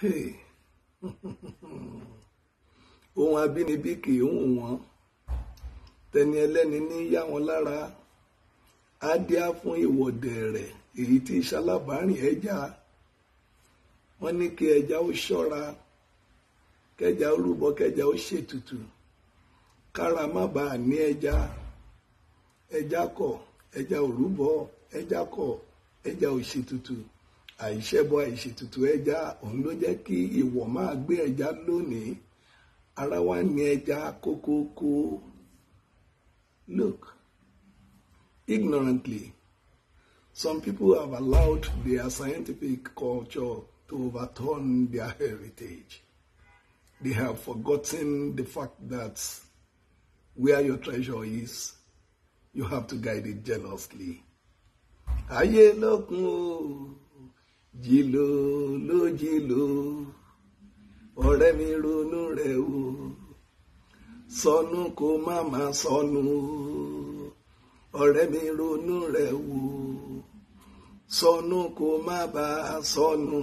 ohun abínibí kì í hùn wọ́n tẹni ẹlẹ́ni ní yá wọn lára á dé á fún ìwọ̀dẹ̀ rẹ̀ èyí tí ìṣalábàárìn ẹja wọ́n ní kí ẹja ó ṣọ́ra kẹja ó rúbọ kẹja ó ṣètùtù kára má bàa ní ẹja ẹja kọ ẹja ò rúbọ ẹja kọ ẹja ò ṣètùtù. àìṣẹ́bọ àìṣètùtù ẹja òun ló jẹ́ kí ìwọ̀ máa gbé ẹja lónìí ara wa ní ẹja kókókó look ignorantly some people have allowed their scientific culture to overturn their heritage they have forgotten the fact that where your treasure is you have to guide it jealously ayé lókun ooo. jìlò ló jìlò ọ̀rẹ́ mi ronú rẹ̀ o sọnù kó má má sọnù o ọ̀rẹ́ mi ronú rẹ̀ o sọnù kó má bàa sọnù.